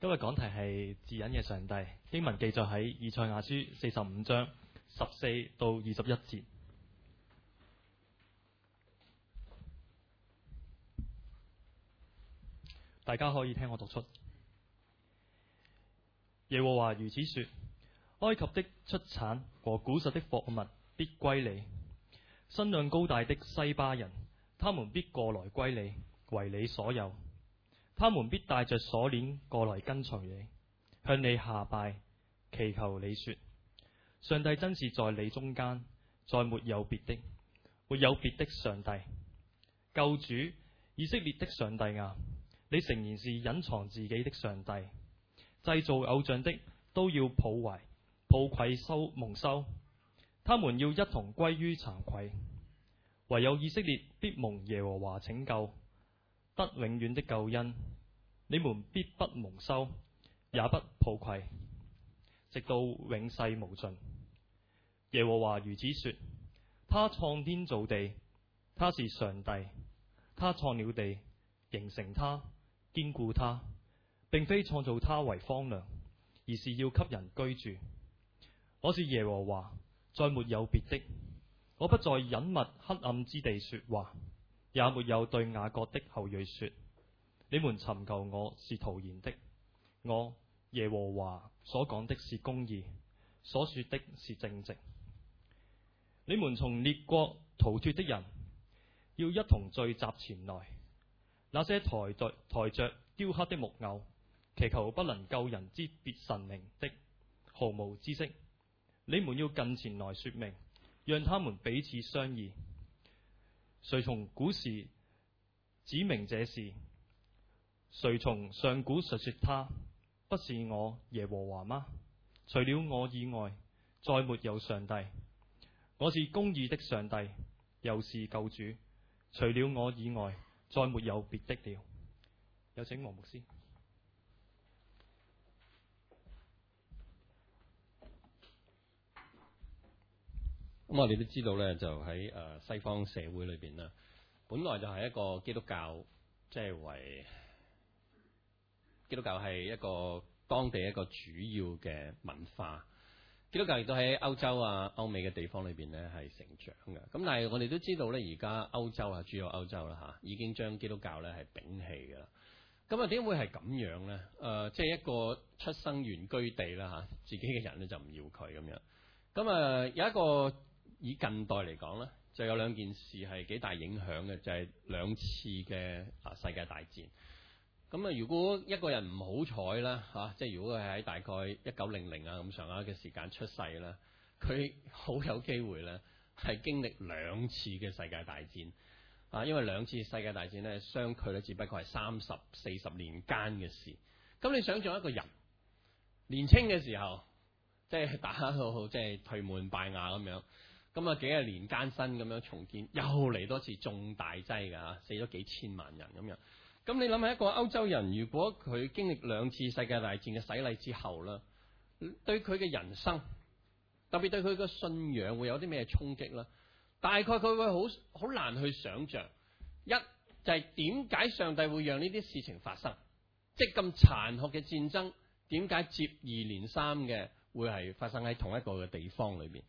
今日講題係自隱嘅上帝，經文記載喺以賽亞書四十五章十四到二十一節，大家可以聽我讀出。耶和華如此説：埃及的出產和古實的貨物必歸你；身量高大的西巴人，他們必過來歸你，為你所有。他們必帶着鎖鏈過來跟隨你，向你下拜，祈求你說：上帝真是在你中間，再沒有別的，沒有別的上帝，救主以色列的上帝啊！你誠然是隱藏自己的上帝，製造偶像的都要抱懷抱愧羞蒙羞，他們要一同歸於慚愧，唯有以色列必蒙耶和華拯救。得永遠的救恩，你們必不蒙羞，也不抱愧，直到永世無盡。耶和華如此說：他創天造地，他是上帝，他創了地，形成他，堅固他，並非創造他為荒涼，而是要給人居住。我是耶和華，再沒有別的，我不再隱密黑暗之地說話。也沒有對雅各的後裔說：你們尋求我是徒然的。我耶和華所講的是公義，所說的是正直。你們從列國逃脱的人，要一同聚集前來；那些抬着抬着雕刻的木偶，祈求不能救人之別神靈的，毫無知識。你們要近前來說明，讓他們彼此商議。誰從古時指明這事？誰從上古述說他？不是我耶和華嗎？除了我以外，再沒有上帝。我是公義的上帝，又是救主。除了我以外，再沒有別的了。有請黃牧師。咁、嗯、我哋都知道咧，就喺誒、呃、西方社會裏邊啦，本來就係一個基督教，即係為基督教係一個當地一個主要嘅文化。基督教亦都喺歐洲啊、歐美嘅地方裏邊咧係成長嘅。咁但係我哋都知道咧，而家歐洲啊，主要歐洲啦嚇、啊，已經將基督教咧係摒棄嘅啦。咁啊，點會係咁樣咧？誒、呃，即係一個出生原居地啦嚇、啊，自己嘅人咧就唔要佢咁樣。咁啊，有一個。以近代嚟講咧，就有兩件事係幾大影響嘅，就係、是、兩次嘅啊世界大戰。咁啊，如果一個人唔好彩啦嚇，即係如果佢喺大概一九零零啊咁上下嘅時間出世啦，佢好有機會咧係經歷兩次嘅世界大戰。啊，因為兩次世界大戰咧相距咧只不過係三十四十年間嘅事。咁你想象一個人年輕嘅時候，即係打到即係頹垣敗瓦咁樣。咁啊，幾廿年艱辛咁樣重建，又嚟多次重大劑㗎嚇，啊，死咗幾千萬人咁樣。咁你諗下一個歐洲人，如果佢經歷兩次世界大戰嘅洗禮之後啦，對佢嘅人生，特別對佢嘅信仰，會有啲咩衝擊咧？大概佢會好好難去想像。一就係點解上帝會讓呢啲事情發生，即係咁殘酷嘅戰爭，點解接二連三嘅會係發生喺同一個嘅地方裏邊？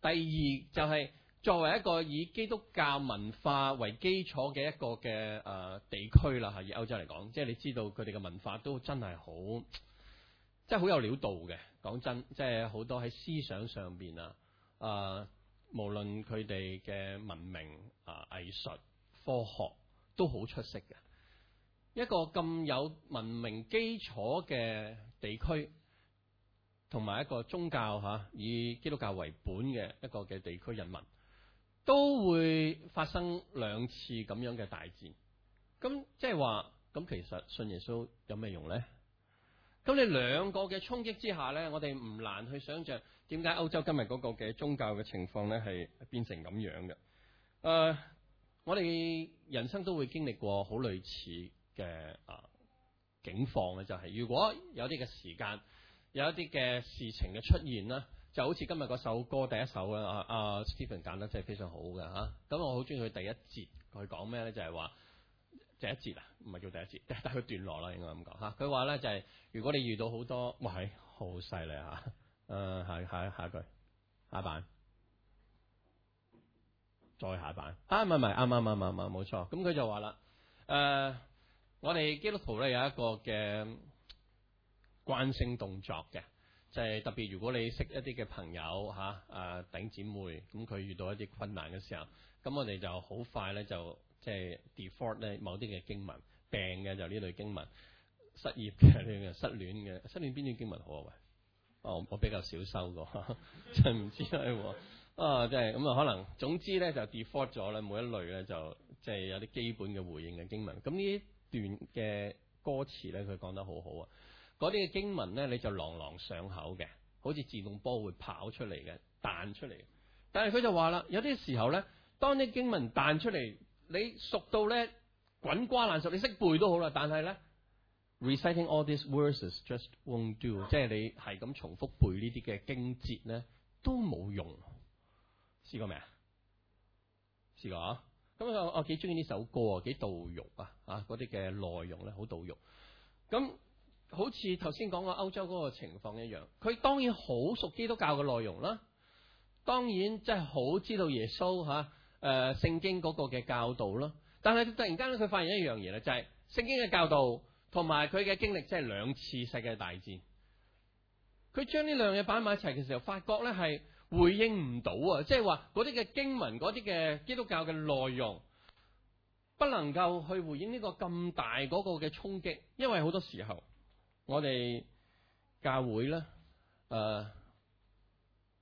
第二就係、是、作為一個以基督教文化為基礎嘅一個嘅誒、呃、地區啦，嚇，以歐洲嚟講，即係你知道佢哋嘅文化都真係好，即係好有料到嘅。講真，即係好多喺思想上面啊，誒、呃，無論佢哋嘅文明、啊、呃、藝術、科學都好出色嘅。一個咁有文明基礎嘅地區。同埋一個宗教嚇，以基督教為本嘅一個嘅地區人民，都會發生兩次咁樣嘅大戰。咁即係話，咁其實信耶穌有咩用呢？咁你兩個嘅衝擊之下呢，我哋唔難去想像點解歐洲今日嗰個嘅宗教嘅情況呢係變成咁樣嘅。誒、呃，我哋人生都會經歷過好類似嘅啊境況嘅，就係、是、如果有啲嘅時間。有一啲嘅事情嘅出現啦，就好似今日嗰首歌第一首啊阿阿、啊、Stephen 揀得真係非常好嘅吓。咁、啊、我好中意佢第一節佢講咩咧？就係、是、話第一節啊，唔係叫第一節，但係佢段落啦，應該咁講吓。佢話咧就係、是、如果你遇到好多，喂，好犀利吓。誒係係下一句下版再下版。啊！唔係唔啱啱，啱啱啱！冇錯。咁佢就話啦誒，我哋基督徒咧有一個嘅慣性動作嘅，就係、是、特別如果你識一啲嘅朋友吓，誒頂姊妹咁，佢遇到一啲困難嘅時候，咁我哋就好快咧就即係、就是、default 咧某啲嘅經文，病嘅就呢類經文，失業嘅呢樣，失戀嘅失戀邊段經文好啊喂？哦，我比較少收過，就唔 知係、啊，啊即係咁啊，可能總之咧就 default 咗啦，每一類咧就即係、就是、有啲基本嘅回應嘅經文。咁呢一段嘅歌詞咧，佢講得好好啊。嗰啲嘅經文咧，你就朗朗上口嘅，好似自動波會跑出嚟嘅，彈出嚟。但係佢就話啦，有啲時候咧，當啲經文彈出嚟，你熟到咧滾瓜爛熟，你識背都好啦。但係咧，Reciting all these verses just won't do，即係你係咁重複背呢啲嘅經節咧，都冇用。試過未啊？試過啊？咁我我幾中意呢首歌啊，幾道肉啊啊！嗰啲嘅內容咧，好道肉。咁好似頭先講過歐洲個情況一樣，佢當然好熟基督教嘅內容啦，當然即係好知道耶穌吓，誒、呃、聖經個嘅教導啦。但係突然間咧，佢發現一樣嘢咧，就係、是、聖經嘅教導同埋佢嘅經歷，即、就、係、是、兩次世界大戰。佢將呢兩嘢擺埋一齊嘅時候，發覺咧係回應唔到啊！即係話啲嘅經文，啲嘅基督教嘅內容，不能夠去回應呢個咁大個嘅衝擊，因為好多時候。我哋教會咧，誒、呃、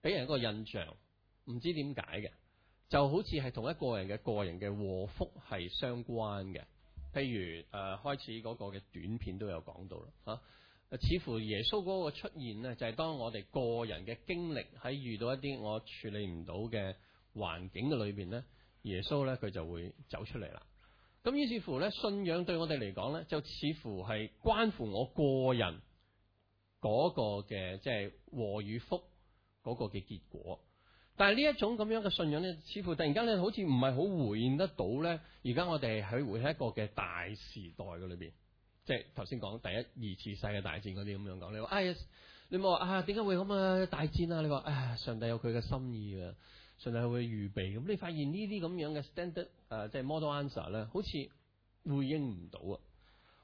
俾人一個印象，唔知點解嘅，就好似係同一個人嘅個人嘅禍福係相關嘅。譬如誒、呃、開始嗰個嘅短片都有講到啦，嚇、啊，似乎耶穌嗰個出現咧，就係、是、當我哋個人嘅經歷喺遇到一啲我處理唔到嘅環境嘅裏邊咧，耶穌咧佢就會走出嚟啦。咁於是乎咧，信仰對我哋嚟講咧，就似乎係關乎我個人嗰個嘅，即係禍與福嗰個嘅結果。但係呢一種咁樣嘅信仰咧，似乎突然間咧，好似唔係好回應得到咧。而家我哋喺回應一個嘅大時代嘅裏邊，即係頭先講第一二次世界大戰嗰啲咁樣講。你話，哎呀，你唔好話啊，點解會咁啊大戰啊？你話，啊，上帝有佢嘅心意啊。純係會預備咁，你發現呢啲咁樣嘅 standard 誒、呃，即係 model answer 咧，好似回應唔到啊！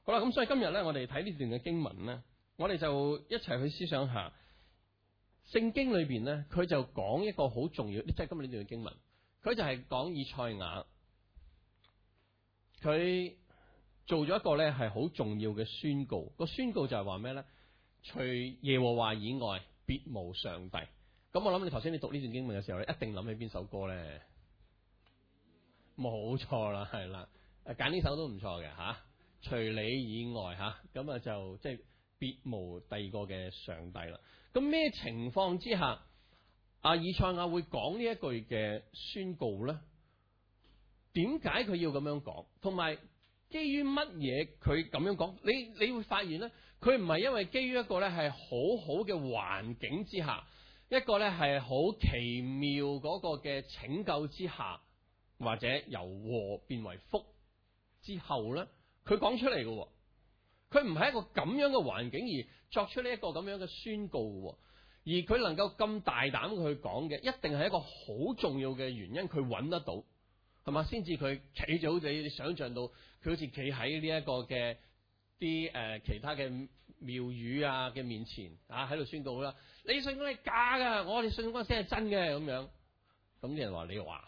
好啦，咁所以今日咧，我哋睇呢段嘅經文咧，我哋就一齊去思想下聖經裏邊咧，佢就講一個好重要，即係今日呢段嘅經文，佢就係講以賽亞，佢做咗一個咧係好重要嘅宣告，這個宣告就係話咩咧？除耶和華以外，別無上帝。咁我諗你頭先你讀呢段經文嘅時候，你一定諗起邊首歌咧？冇錯啦，係啦，揀呢首都唔錯嘅吓、啊。除你以外，吓咁啊就即係別無第二個嘅上帝啦。咁咩情況之下，阿、啊、以賽亞會講呢一句嘅宣告咧？點解佢要咁樣講？同埋基於乜嘢，佢咁樣講？你你會發現咧，佢唔係因為基於一個咧係好好嘅環境之下。一個咧係好奇妙嗰個嘅拯救之下，或者由禍變為福之後咧，佢講出嚟嘅喎，佢唔係一個咁樣嘅環境而作出呢一個咁樣嘅宣告喎，而佢能夠咁大膽去講嘅，一定係一個好重要嘅原因，佢揾得到係嘛？先至佢企咗，好似你想象到像，佢好似企喺呢一個嘅啲誒其他嘅廟宇啊嘅面前啊，喺度宣告啦。你信佢係假噶，我哋信嗰個先係真嘅咁樣。咁啲人話你話，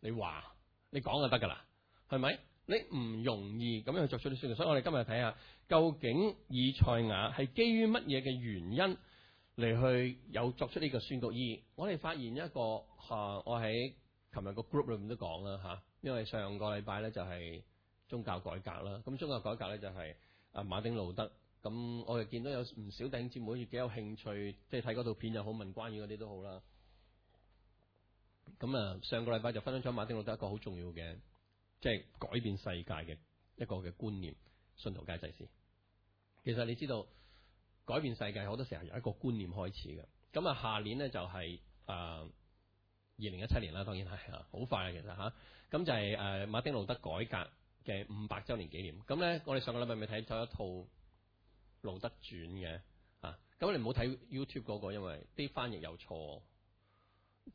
你話，你講就得噶啦，係咪？你唔容易咁樣去作出啲宣讀，所以我哋今日睇下究竟以賽亞係基於乜嘢嘅原因嚟去有作出呢個宣讀。二，我哋發現一個啊，我喺琴日個 group 裏面都講啦嚇，因為上個禮拜咧就係宗教改革啦。咁宗教改革咧就係阿馬丁路德。咁我又見到有唔少弟兄姊妹幾有興趣，即係睇嗰套片又好，問關於嗰啲都好啦。咁啊，上個禮拜就分享咗馬丁路德一個好重要嘅，即係改變世界嘅一個嘅觀念，信徒皆祭司。其實你知道改變世界好多時候由一個觀念開始嘅。咁啊，下年咧就係誒二零一七年啦，當然係好快啊。其實吓，咁就係誒馬丁路德改革嘅五百週年紀念。咁咧，我哋上個禮拜咪睇咗一套路德轉嘅啊，咁你唔好睇 YouTube 嗰、那個，因為啲翻譯有錯，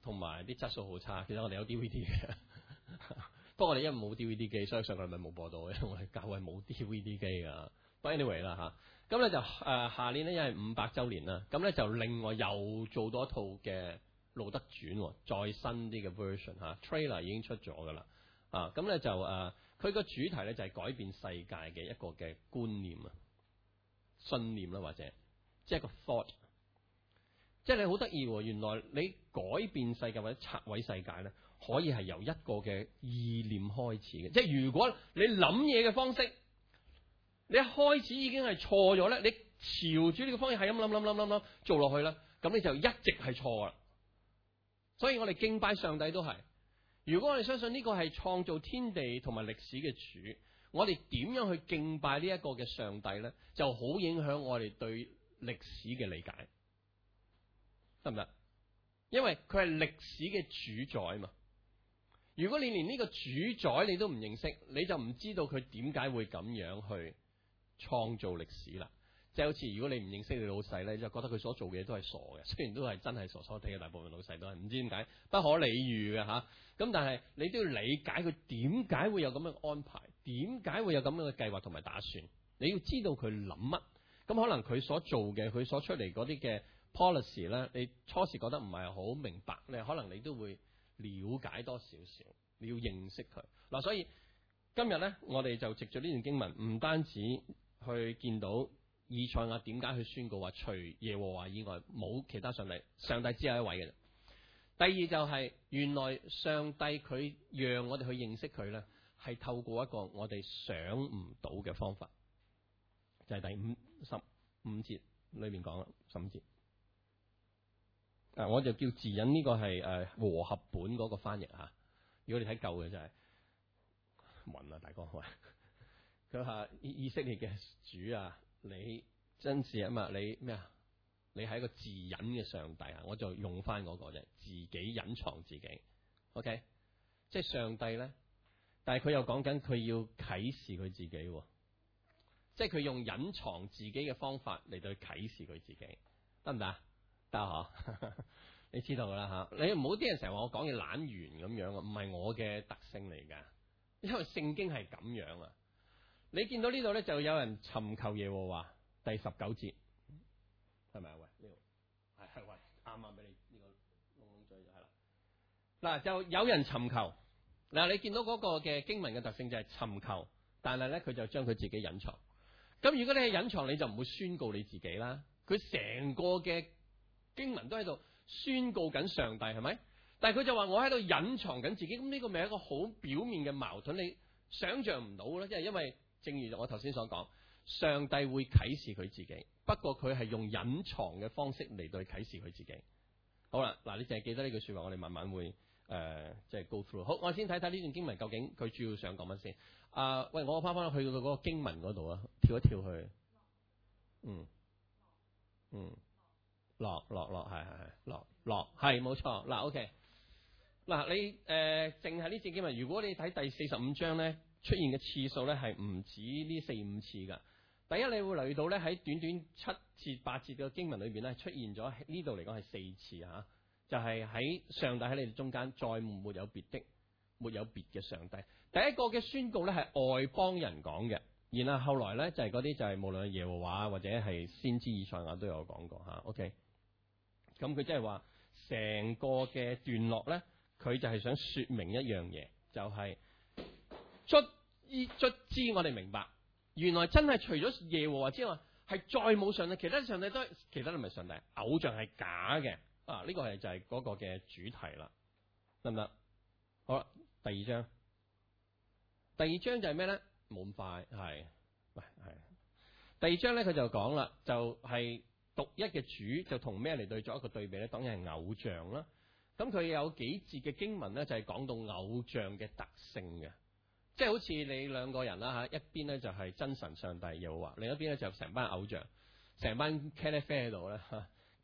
同埋啲質素好差。其實我哋有 DVD 嘅，不過我哋因為冇 DVD 機，所以上個禮拜冇播到，因為教會冇 DVD 機㗎。不過 anyway 啦、啊、嚇，咁咧就誒、啊、下年咧因為五百週年啦，咁咧就另外又做多一套嘅路德轉，再新啲嘅 version 嚇、啊，trailer 已經出咗㗎啦啊，咁咧就誒佢個主題咧就係改變世界嘅一個嘅觀念啊。信念啦，或者即係個 thought，即係你好得意，原來你改變世界或者拆毀世界咧，可以係由一個嘅意念開始嘅。即係如果你諗嘢嘅方式，你一開始已經係錯咗咧，你朝住呢個方向係咁諗諗諗諗諗做落去啦，咁你就一直係錯啦。所以我哋敬拜上帝都係，如果我哋相信呢個係創造天地同埋歷史嘅主。我哋點樣去敬拜呢一個嘅上帝呢？就好影響我哋對歷史嘅理解，得唔得？因為佢係歷史嘅主宰嘛。如果你連呢個主宰你都唔認識，你就唔知道佢點解會咁樣去創造歷史啦。即係好似如果你唔認識你老細咧，就覺得佢所做嘅嘢都係傻嘅。雖然都係真係傻傻地嘅，大部分老細都係唔知點解不可理喻嘅吓。咁但係你都要理解佢點解會有咁樣安排，點解會有咁樣嘅計劃同埋打算？你要知道佢諗乜，咁可能佢所做嘅，佢所出嚟嗰啲嘅 policy 咧，你初時覺得唔係好明白，你可能你都會了解多少少，你要認識佢嗱。所以今日咧，我哋就藉著呢段經文，唔單止去見到以賽亞點解去宣告話除耶和華以外冇其他上帝，上帝只有一位嘅。第二就係、是、原來上帝佢讓我哋去認識佢啦。係透過一個我哋想唔到嘅方法，就係、是、第五十五節裏面講啦。十五節，誒、啊，我就叫自隱呢、這個係誒、啊、和合本嗰個翻譯吓、啊。如果你睇舊嘅就係混啦，大哥佢話以色列嘅主啊，你真係啊嘛，你咩啊？你係一個自隱嘅上帝啊！我就用翻、那、嗰個啫，自己隱藏自己。O、okay? K，即係上帝咧。但係佢又講緊佢要啟示佢自,、哦、自、自己，即係佢用隱藏自己嘅方法嚟到啟示佢自己，得唔得得嗬？ 你知道噶啦，吓，你唔好啲人成日話懶般般我講嘢懶完咁樣啊，唔係我嘅特性嚟噶，因為聖經係咁樣啊。你見到呢度咧就有人尋求嘢喎，話，第十九節，係咪喂，呢度係係喂啱啱俾你呢個窿窿嘴就係啦。嗱，就有人尋求。嗱，你見到嗰個嘅經文嘅特性就係尋求，但係咧佢就將佢自己隱藏。咁如果你係隱藏，你就唔會宣告你自己啦。佢成個嘅經文都喺度宣告緊上帝，係咪？但係佢就話我喺度隱藏緊自己。咁呢個咪一個好表面嘅矛盾，你想像唔到咯。即係因為正如我頭先所講，上帝會啟示佢自己，不過佢係用隱藏嘅方式嚟到去啟示佢自己。好啦，嗱，你淨係記得呢句説話，我哋慢慢會。誒，即係、呃就是、go through。好，我先睇睇呢段經文究竟佢主要想講乜先。啊、呃，喂，我翻返去到嗰個經文嗰度啊，跳一跳去。嗯，嗯，落落落，係係係，落落，係冇錯。嗱，OK。嗱，你誒，淨係呢節經文，如果你睇第四十五章咧，出現嘅次數咧係唔止呢四五次㗎。第一，你會留意到咧，喺短短七節八節嘅經文裏邊咧，出現咗呢度嚟講係四次嚇。啊就係喺上帝喺你哋中間，再沒有別的，沒有別嘅上帝。第一個嘅宣告咧係外邦人講嘅，然後後來咧就係嗰啲就係無論係耶和華或者係先知以賽亞都有講過吓。OK，咁佢即係話成個嘅段落咧，佢就係想說明一樣嘢，就係卒依卒之我哋明白，原來真係除咗耶和華之外，係再冇上帝，其他上帝都其他都唔係上帝，偶像係假嘅。啊，呢、這個係就係嗰個嘅主題啦，得唔得？好啦，第二章，第二章就係咩咧？冇咁快，係，喂，係。第二章咧，佢就講啦，就係、是、獨一嘅主，就同咩嚟對作一個對比咧？當然係偶像啦。咁佢有幾節嘅經文咧，就係、是、講到偶像嘅特性嘅，即係好似你兩個人啦嚇，一邊咧就係真神上帝，有話，另一邊咧就成班偶像，成班茄哩啡喺度咧。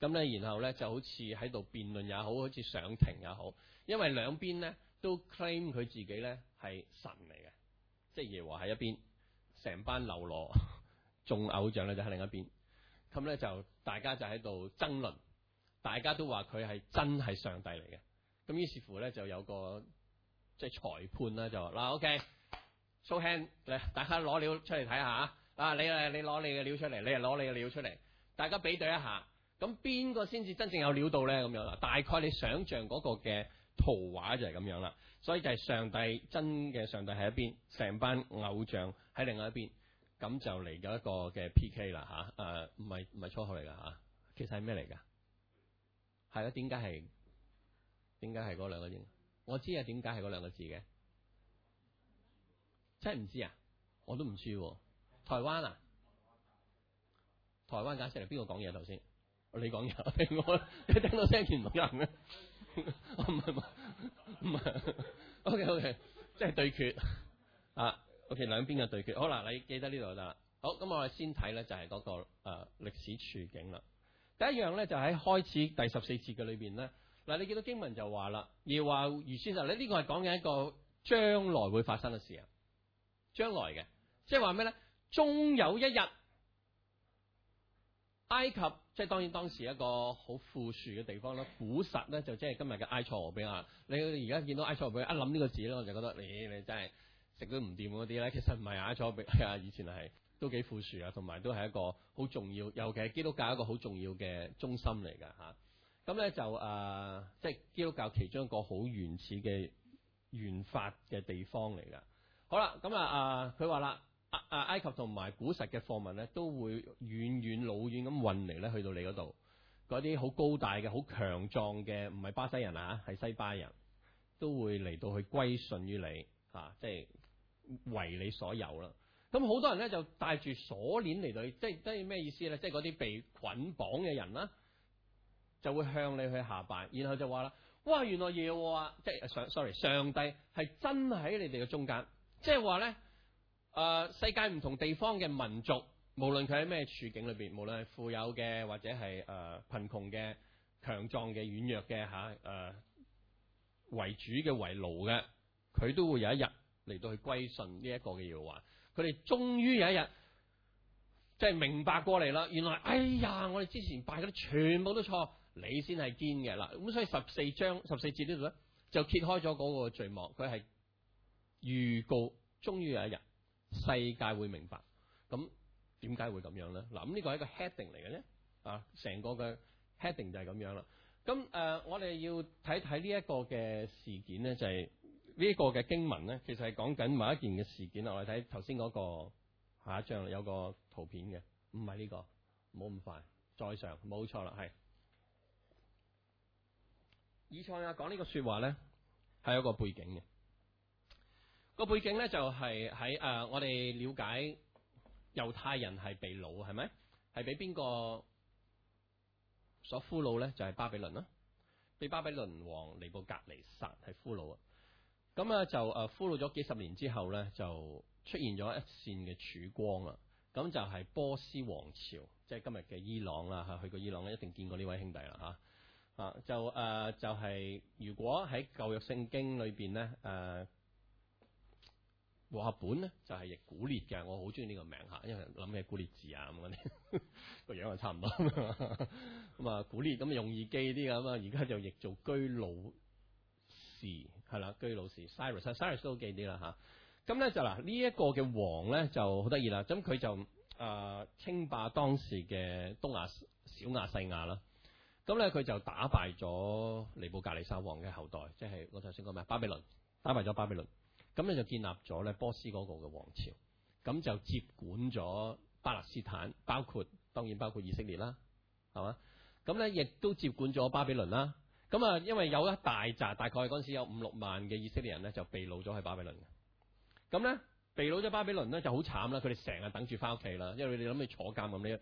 咁咧，然後咧就好似喺度辯論也好，好似上庭也好，因為兩邊咧都 claim 佢自己咧係神嚟嘅，即係耶和華喺一邊，成班流羅眾偶像咧就喺另一邊，咁咧就大家就喺度爭論，大家都話佢係真係上帝嚟嘅，咁於是乎咧就有個即係、就是、裁判啦就話嗱 OK，show hand，大家攞料出嚟睇下，啊你啊你係你攞你嘅料出嚟，你係、啊、攞你嘅料出嚟，大家比對一下。咁邊個先至真正有料到呢？咁樣啦，大概你想象嗰個嘅圖畫就係咁樣啦。所以就係上帝真嘅上帝喺一邊，成班偶像喺另外一邊，咁就嚟咗一個嘅 PK 啦。吓、啊，誒，唔係唔係粗口嚟噶吓，其實係咩嚟噶？係啦，點解係？點解係嗰兩個字？我知啊，點解係嗰兩個字嘅？真係唔知啊？我都唔知喎、啊。台灣啊，台灣、啊，解釋嚟邊個講嘢頭先？你講嘢，我 你聽到聲見唔到人咩？唔係唔係，唔係。O K O K，即係對決啊！O K，兩邊嘅對決。好啦，你記得呢度啦。好，咁我哋先睇咧，就係嗰個誒歷史處境啦。第一樣咧，就喺開始第十四節嘅裏邊咧。嗱，你見到經文就話啦，而話余先生，你、這、呢個係講緊一個將來會發生嘅事啊，將來嘅，即係話咩咧？終有一日。埃及即係當然當時一個好富庶嘅地方啦，古實咧就即係今日嘅埃塞俄比亞。你而家見到埃塞俄比亞一諗呢個字咧，我就覺得你你真係食都唔掂嗰啲咧。其實唔係埃塞俄比亞，以前係都幾富庶啊，同埋都係一個好重要，尤其係基督教一個好重要嘅中心嚟㗎嚇。咁、啊、咧就誒、啊，即係基督教其中一個好原始嘅原發嘅地方嚟㗎。好啦，咁啊誒，佢話啦。阿埃及同埋古實嘅貨物咧，都會遠遠老遠咁運嚟咧，去到你嗰度。嗰啲好高大嘅、好強壯嘅，唔係巴西人啊，係西巴人，都會嚟到去歸順於你啊，即係為你所有啦。咁好多人咧就帶住鎖鏈嚟到，即係即係咩意思咧？即係嗰啲被捆綁嘅人啦，就會向你去下拜，然後就話啦：哇，原來耶和華即係上、啊、sorry，上帝係真喺你哋嘅中間，即係話咧。誒，世界唔同地方嘅民族，無論佢喺咩處境裏邊，無論係富有嘅或者係誒、呃、貧窮嘅、強壯嘅、軟弱嘅吓誒，為主嘅、為奴嘅，佢都會有一日嚟到去歸順呢一個嘅耶和華。佢哋終於有一日即係明白過嚟啦，原來哎呀，我哋之前拜嗰啲全部都錯，你先係堅嘅啦。咁所以十四章十四節呢度咧就揭開咗個序幕，佢係預告，終於有一日，世界會明白，咁點解會咁樣咧？嗱，咁呢個係一個 heading 嚟嘅咧，啊，成個嘅 heading 就係咁樣啦。咁誒、呃，我哋要睇睇呢一個嘅事件咧，就係呢一個嘅經文咧，其實係講緊某一件嘅事件啦。我哋睇頭先嗰個下一張有個圖片嘅，唔係呢個，冇咁快，再上冇錯啦，係。以賽亞講呢個説話咧，係有個背景嘅。個背景咧就係喺誒，我哋了解猶太人係被擄係咪？係俾邊個所俘虜咧？就係、是、巴比倫啦，被巴比倫王尼布格尼撒係俘虜啊。咁啊就誒、呃、俘虜咗幾十年之後咧，就出現咗一線嘅曙光啊。咁就係波斯王朝，即、就、係、是、今日嘅伊朗啦嚇。去過伊朗一定見過呢位兄弟啦嚇啊！就誒、呃、就係、是、如果喺舊約聖經裏邊咧誒。和合本咧就係、是、譯古列嘅，我好中意呢個名嚇，因為諗起古列字啊，咁啲個樣又差唔多咁啊，古列咁容易記啲啊。咁啊而家就譯做居魯士係啦，居魯士 Cyrus 啊，Cyrus 都記啲啦吓，咁、啊、咧就嗱、啊這個、呢一個嘅王咧就好得意啦，咁佢就啊稱霸當時嘅東亞小亞細亞啦。咁咧佢就打敗咗尼布甲尼撒王嘅後代，即係我頭先講咩巴比倫，打敗咗巴比倫。咁咧就建立咗咧波斯嗰個嘅王朝，咁就接管咗巴勒斯坦，包括當然包括以色列啦，係嘛？咁咧亦都接管咗巴比倫啦。咁、嗯、啊，因為有一大紮，大概嗰陣時有五六萬嘅以色列人咧就被擄咗喺巴比倫嘅。咁咧被擄咗巴比倫咧就好慘啦，佢哋成日等住翻屋企啦，因為你諗住坐監咁，你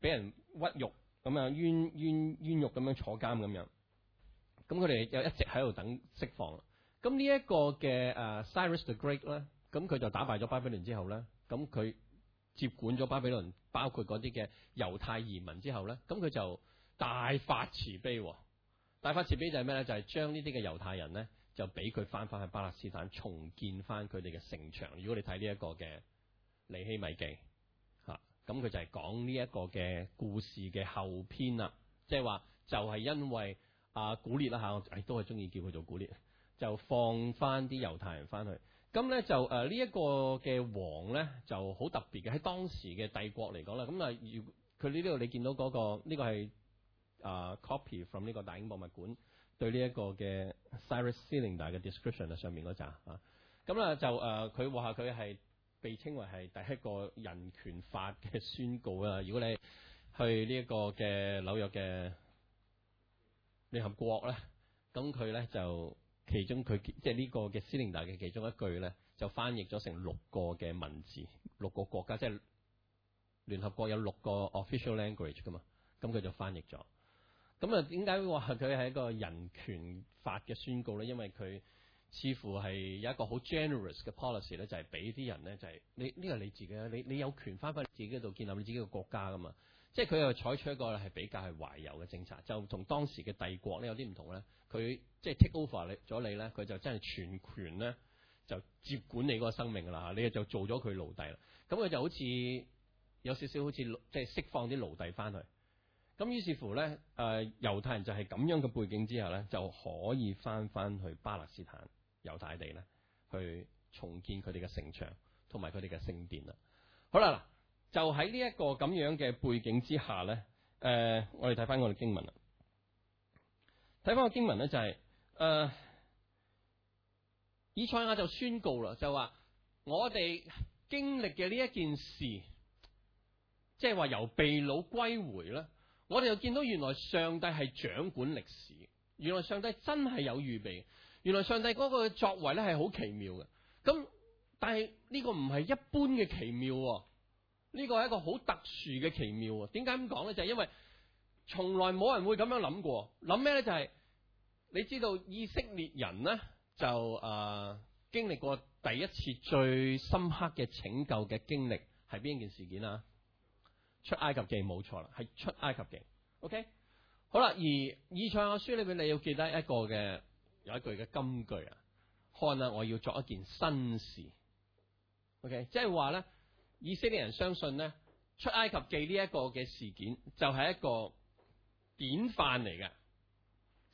俾人屈辱，咁啊冤冤冤獄咁樣坐監咁樣，咁佢哋就一直喺度等釋放。咁呢一個嘅誒、uh, Cyrus the Great 咧，咁佢就打敗咗巴比倫之後咧，咁佢接管咗巴比倫，包括嗰啲嘅猶太移民之後咧，咁佢就大發慈悲、哦，大發慈悲就係咩咧？就係將呢啲嘅猶太人咧，就俾佢翻返去巴勒斯坦重建翻佢哋嘅城牆。如果你睇呢一個嘅《尼希米記》嚇、啊，咁佢就係講呢一個嘅故事嘅後篇啦，即係話就係、是、因為阿、啊、古列啦嚇、啊，我、哎、都係中意叫佢做古列。就放翻啲猶太人翻去，咁咧就誒、呃這個、呢一個嘅王咧就好特別嘅喺當時嘅帝國嚟講啦，咁啊要佢呢度你見到嗰、那個呢、這個係啊、呃、copy from 呢個大英博物館對呢一個嘅 Cyrus Cylinder 嘅 description 喺上面嗰扎啊，咁、嗯、啦、嗯嗯、就誒佢話佢係被稱為係第一個人權法嘅宣告啦，如果你去呢一個嘅紐約嘅聯合國咧，咁佢咧就。其中佢即係呢個嘅 Cylinder 嘅其中一句咧，就翻譯咗成六個嘅文字，六個國家即係聯合國有六個 official language 噶嘛，咁佢就翻譯咗。咁啊，點解話佢係一個人權法嘅宣告咧？因為佢似乎係有一個好 generous 嘅 policy 咧，就係俾啲人咧就係你呢、呢個你自己啊，你你有權翻返你自己度建立你自己嘅國家噶嘛。即係佢又採取一個係比較係懷柔嘅政策，就同當時嘅帝國咧有啲唔同咧。佢即係 take over 咗你咧，佢就真係全權咧就接管你嗰個生命㗎啦。你啊就做咗佢奴隸啦。咁佢就好似有少少好似即係釋放啲奴隸翻去。咁於是乎咧，誒、呃、猶太人就係咁樣嘅背景之下咧，就可以翻翻去巴勒斯坦猶太地咧去重建佢哋嘅城牆同埋佢哋嘅聖殿啦。好啦。就喺呢一個咁樣嘅背景之下咧，誒、呃，我哋睇翻我哋經文啦。睇翻個經文咧，就係、是、誒、呃、以賽亞就宣告啦，就話我哋經歷嘅呢一件事，即係話由被擄歸回咧，我哋又見到原來上帝係掌管歷史，原來上帝真係有預備，原來上帝嗰個作為咧係好奇妙嘅。咁但係呢個唔係一般嘅奇妙、哦。呢個係一個好特殊嘅奇妙喎、啊？點解咁講咧？就係、是、因為從來冇人會咁樣諗過。諗咩咧？就係、是、你知道以色列人咧就誒、呃、經歷過第一次最深刻嘅拯救嘅經歷係邊件事件啊？出埃及記冇錯啦，係出埃及記。OK，好啦，而以賽亞書裏邊你要記得一個嘅有一句嘅金句啊，看啊，我要作一件新事。OK，即係話咧。以色列人相信咧，出埃及記呢一個嘅事件就係一個典範嚟嘅，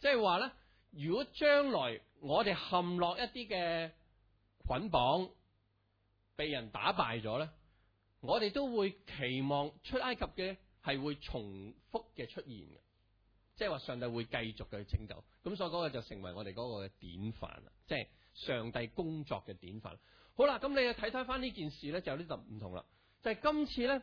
即係話咧，如果將來我哋陷落一啲嘅捆綁，被人打敗咗咧，我哋都會期望出埃及嘅係會重複嘅出現嘅，即係話上帝會繼續去拯救，咁所以嗰個就成為我哋嗰個嘅典範啦，即係上帝工作嘅典範。好啦，咁你又睇睇返呢件事咧，就有啲就唔同啦。就係、是、今次咧，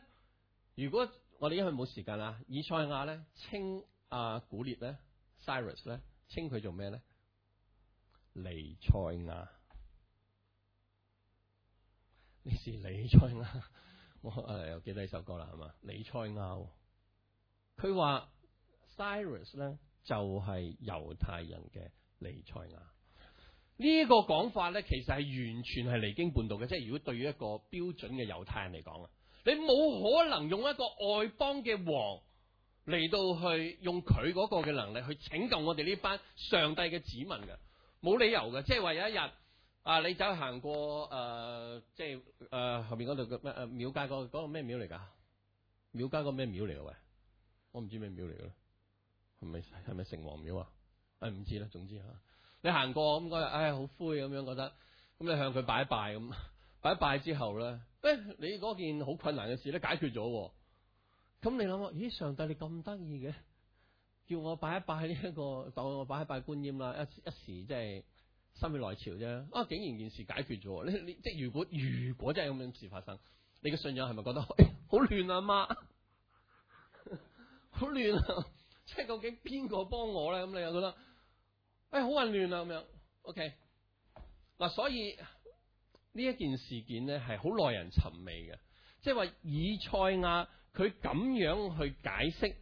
如果我哋因為冇時間啦，以賽亞咧稱啊古列咧，Cyrus 咧稱佢做咩咧？彌賽亞，呢是彌賽亞， 我誒又、呃、記得呢首歌啦，係嘛？彌賽亞，佢話 Cyrus 咧就係、是、猶太人嘅彌賽亞。個講呢個講法咧，其實係完全係離經叛道嘅。即係如果對於一個標準嘅猶太人嚟講啊，你冇可能用一個外邦嘅王嚟到去用佢嗰個嘅能力去拯救我哋呢班上帝嘅子民嘅，冇理由嘅。即係話有一日啊，你走行過誒、呃，即係誒、呃、後面嗰度嘅誒廟街嗰個咩廟嚟㗎？廟街、個咩廟嚟㗎？喂，我唔知咩廟嚟嘅，係咪係咪城隍廟啊？誒、哎、唔知啦，總之嚇。你行過咁嗰日，唉，好灰咁樣覺得，咁你向佢拜一拜咁，拜一拜之後咧，誒、欸，你嗰件好困難嘅事咧解決咗，咁你諗下，咦，上帝你咁得意嘅，叫我拜一拜呢、這、一個，當我拜一拜觀音啦，一時一時即、就、係、是、心血內潮心血來潮啫，啊，竟然件事解決咗，你你即係如果如果真係咁樣事發生，你嘅信仰係咪覺得好亂啊？媽，好亂啊！即係究竟邊個幫我咧？咁你又覺得？欸 亂 誒，好，哎，混亂啊，咁樣，OK，嗱，啊，所以呢一件事件咧，係好耐人尋味嘅，即係話以賽亞佢咁樣去解釋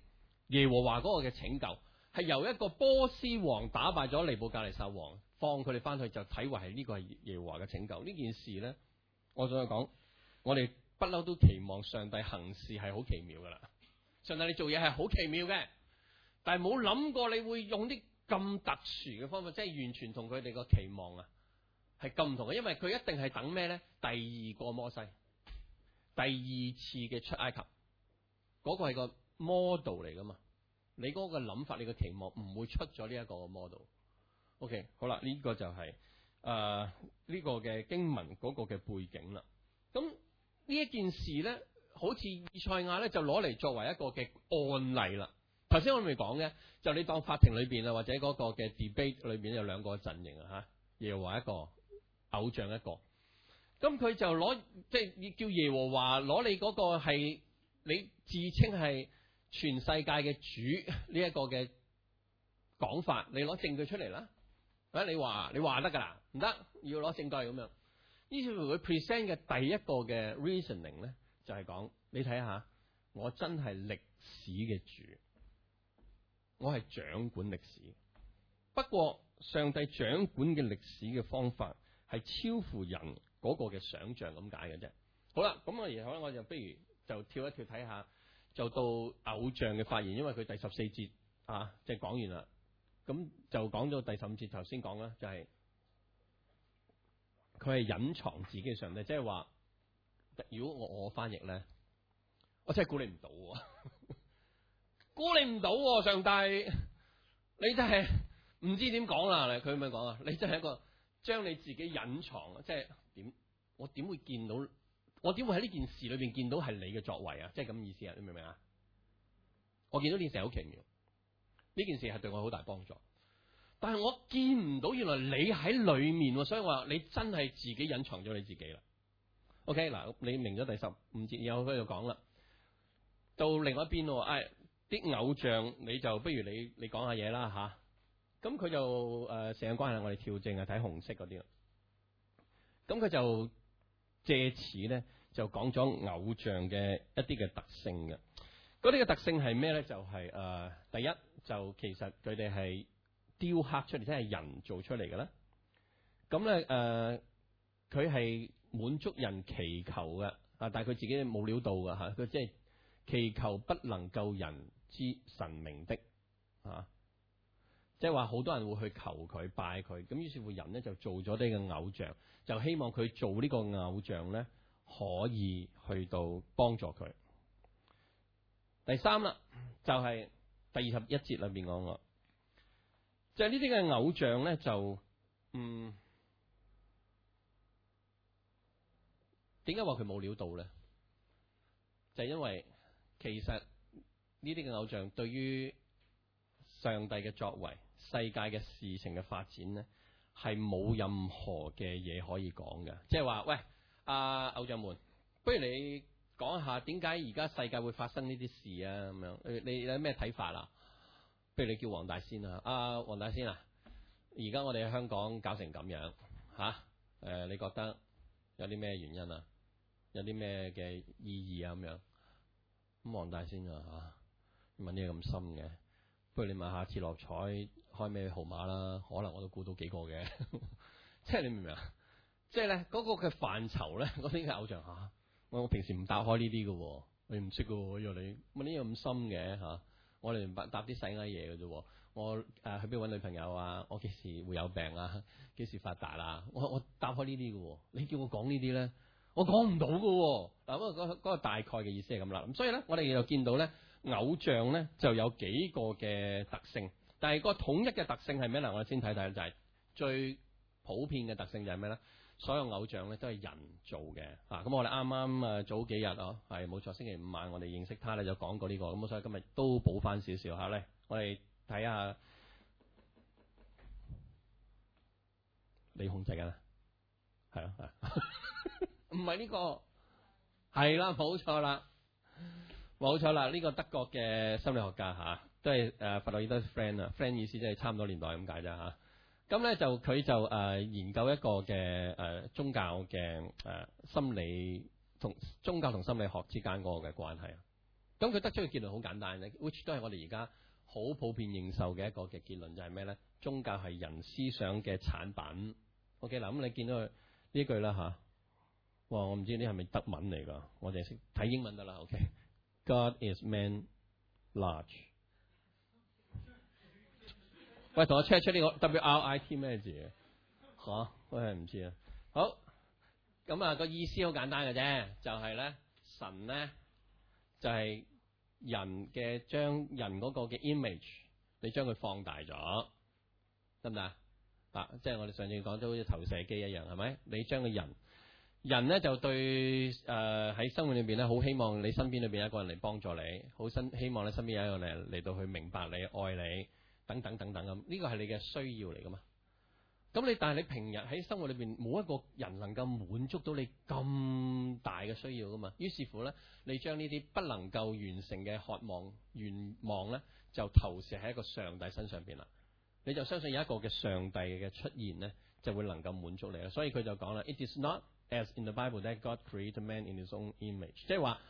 耶和華嗰個嘅拯救，係由一個波斯王打敗咗尼布甲尼撒王，放佢哋翻去，就體為係呢個係耶和華嘅拯救。呢件事咧，我想講，我哋不嬲都期望上帝行事係好奇妙噶啦，上帝你做嘢係好奇妙嘅，但係冇諗過你會用啲。咁特殊嘅方法，即係完全同佢哋個期望啊，係咁唔同嘅，因為佢一定係等咩咧？第二個摩西，第二次嘅出埃及，嗰個係個 model 嚟噶嘛？你個個諗法，你嘅期望唔會出咗呢一個嘅 model。OK，好啦，呢、這個就係誒呢個嘅經文個嘅背景啦。咁呢一件事咧，好似以賽亞咧就攞嚟作為一個嘅案例啦。頭先我未講嘅，就你當法庭裏邊啊，或者嗰個嘅 debate 裏邊有兩個陣營啊，吓，耶和華一個，偶像一個，咁佢就攞即係叫耶和華攞你嗰個係你自稱係全世界嘅主呢一個嘅講法，你攞證據出嚟啦，啊你話你話得噶啦，唔得要攞證據咁樣。呢條佢 present 嘅第一個嘅 reasoning 咧，就係講你睇下，我真係歷史嘅主。我係掌管歷史，不過上帝掌管嘅歷史嘅方法係超乎人嗰個嘅想象咁解嘅啫。好啦，咁我然後呢，我就不如就跳一跳睇下，就到偶像嘅發言，因為佢第十四節啊，即、就是、就講完啦。咁就講咗第十五節，頭先講啦、就是，就係佢係隱藏自己嘅上帝，即係話，如果我我翻譯咧，我真係估你唔到。啊。」估你唔到，上帝，你真係唔知點講啦。嚟，佢咁樣講啊，你真係一個將你自己隱藏，即係點？我點會見到？我點會喺呢件事裏邊見到係你嘅作為啊？即係咁意思啊？你明唔明啊？我見到件事好奇妙，呢件事係對我好大幫助，但係我見唔到原來你喺裏面，所以我話你真係自己隱藏咗你自己啦。OK，嗱，你明咗第十五節又喺度講啦，到另外一邊咯，哎啲偶像你就不如你你講下嘢啦吓，咁佢就誒成日關係我哋調整啊，睇紅色嗰啲咯，咁佢就借此咧，就講咗偶像嘅一啲嘅特性嘅，嗰啲嘅特性係咩咧？就係、是、誒、呃、第一就其實佢哋係雕刻出嚟，即係人做出嚟嘅啦。咁咧，誒佢係滿足人祈求嘅，啊但係佢自己冇料到嘅嚇，佢即係祈求不能夠救人。之神明的啊，即係話好多人會去求佢拜佢，咁於是乎人呢就做咗呢個偶像，就希望佢做呢個偶像呢可以去到幫助佢。第三啦，就係、是、第二十一節裏面講我，就呢啲嘅偶像呢，就，嗯，點解話佢冇料到呢？就係、因為其實。呢啲嘅偶像對於上帝嘅作為、世界嘅事情嘅發展咧，係冇任何嘅嘢可以講嘅。即係話，喂，阿、呃、偶像們，不如你講下點解而家世界會發生呢啲事啊？咁樣，你有咩睇法啊？不如你叫黃大仙啊？阿、啊、黃大仙啊，而家我哋喺香港搞成咁樣，嚇、啊，誒、呃，你覺得有啲咩原因啊？有啲咩嘅意義啊？咁樣，咁黃大仙啊？啊問啲嘢咁深嘅，不如你問下次落彩開咩號碼啦，可能我都估到幾個嘅。即係你明唔明，那個那個，啊？即係咧嗰個嘅範疇咧，嗰啲偶像吓，我我平時唔搭開呢啲嘅，哎、為你唔識嘅。若你問啲嘢咁深嘅吓，啊，我哋搭啲細矮嘢嘅啫。我誒去邊搵女朋友啊？我幾時會有病啊？幾時發達啦，啊？我我答開呢啲嘅，你叫我講呢啲咧，我講唔到嘅。嗱，那，不過嗰，那個大概嘅意思係咁啦。咁所以咧，我哋又見到咧。偶像咧就有幾個嘅特性，但係個統一嘅特性係咩？嗱，我哋先睇睇，就係、係、最普遍嘅特性就係咩咧？所有偶像咧都係人做嘅啊！咁我哋啱啱啊早幾日嗬，係冇錯，星期五晚我哋認識他咧就講過呢、呢個，咁所以今日都補翻少少嚇咧。我哋睇下你控制緊，係咯係，唔係呢個，係啦、啊，冇錯啦。冇錯啦！呢、呢個德國嘅心理學家嚇都係誒佛洛伊德嘅 friend 啦。friend 意思即係差唔多年代咁解啫嚇。咁、啊、咧、啊啊、就佢就誒研究一個嘅誒、啊、宗教嘅誒、啊、心理同宗教同心理學之間嗰個嘅關係。咁、啊、佢得出嘅結論好簡單咧，which 都係我哋而家好普遍認受嘅一個嘅結論，就係咩咧？宗教係人思想嘅產品。OK 嗱，咁你見到佢呢句啦嚇、啊。哇！我唔知呢係咪德文嚟㗎，我哋識睇英文得啦。OK。God is man large。喂，同我 check check 呢個 W R I T 咩字？吓，我係唔知啊。好，咁啊個意思好簡單嘅啫，就係咧神咧就係人嘅，將人嗰個嘅 image，你將佢放大咗，得唔得啊？嗱，即係我哋上次講咗好似投射機一樣，係咪？你將個人。人咧，就對誒喺、呃、生活裏邊咧好希望你身邊裏邊有一個人嚟幫助你，好希希望你身邊有一個嚟嚟到去明白你、愛你，等等等等咁，呢個係你嘅需要嚟噶嘛？咁你但係你平日喺生活裏邊冇一個人能夠滿足到你咁大嘅需要噶嘛？於是乎咧，你將呢啲不能夠完成嘅渴望、願望咧，就投射喺一個上帝身上邊啦。你就相信有一個嘅上帝嘅出現咧，就會能夠滿足你啦。所以佢就講啦：It is not。As in the Bible, that God created man in His own image。即係話，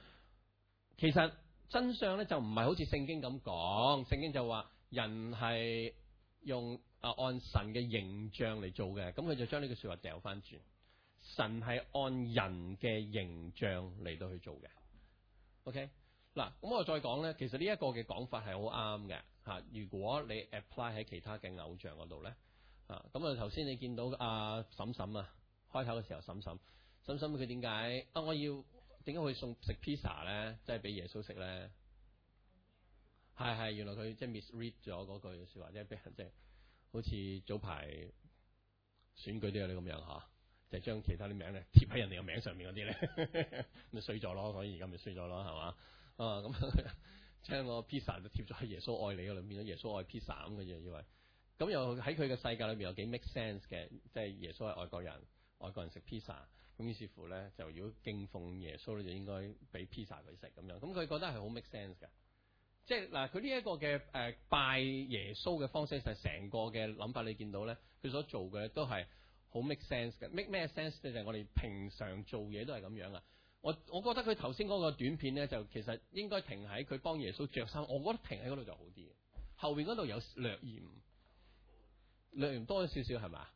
其實真相咧就唔係好似聖經咁講。聖經就話人係用啊按神嘅形象嚟做嘅，咁佢就將呢句説話掉翻轉。神係按人嘅形象嚟到去做嘅。OK，嗱，咁我再講咧，其實呢一個嘅講法係好啱嘅嚇。如果你 apply 喺其他嘅偶像嗰度咧，啊，咁啊頭先你見到阿嬸嬸啊。開口嘅時候審審審審佢點解啊？我要點解我會送食披薩咧？即係俾耶穌食咧？係係、嗯，原來佢即係 misread 咗嗰句説話，即係俾人，即係好似早排選舉都有啲咁樣嚇、啊，就將、係、其他啲名咧貼喺人哋個名上面嗰啲咧，咪衰咗咯。所以而家咪衰咗咯，係嘛？啊咁將個披薩貼咗喺耶穌愛你嗰度，變咗耶穌愛披薩咁嘅嘢，以為咁又喺佢嘅世界裏面有幾 make sense 嘅，即係耶穌係外國人。外國人食 pizza，咁於是乎咧，就如果敬奉耶穌咧，就應該俾 pizza 佢食咁樣。咁佢覺得係好 make sense 㗎，即係嗱，佢呢一個嘅誒、呃、拜耶穌嘅方式，就係成個嘅諗法。你見到咧，佢所做嘅都係好 make sense 嘅。make 咩 sense 咧？就係我哋平常做嘢都係咁樣啊。我我覺得佢頭先嗰個短片咧，就其實應該停喺佢幫耶穌着衫。我覺得停喺嗰度就好啲。後邊嗰度有略嫌略嫌多咗少少係嘛？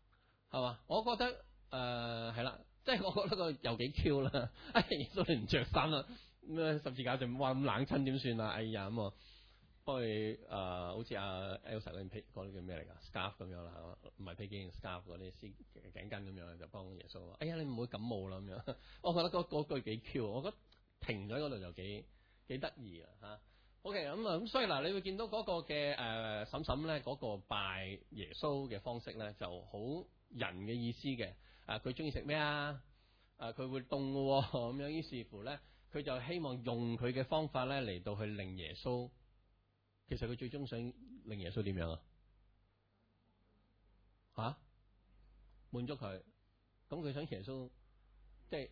係嘛？我覺得。誒係啦，即係我覺得個又幾 cute 啦！耶穌唔着衫啦，咁啊十字架就哇咁冷親點算啊？哎呀咁，幫佢誒，好似阿 Elsa 嗰件披嗰啲叫咩嚟㗎？scarf 咁樣啦，唔係披肩 scarf 嗰啲絲頸巾咁樣，就幫耶穌哎呀，你唔好感冒啦咁樣。我覺得嗰嗰句幾 cute，我覺得停咗嗰度就幾幾得意啊吓、啊、OK 咁啊咁，所以嗱，你會見到嗰個嘅誒、呃、嬸嬸咧，嗰、嗰個拜耶穌嘅方式咧，就好人嘅意思嘅。啊！佢中意食咩啊？啊！佢會凍嘅、哦，咁樣於是乎咧，佢就希望用佢嘅方法咧嚟，到去令耶穌。其實佢最終想令耶穌點樣啊？吓、啊，滿足佢。咁佢想耶穌，即係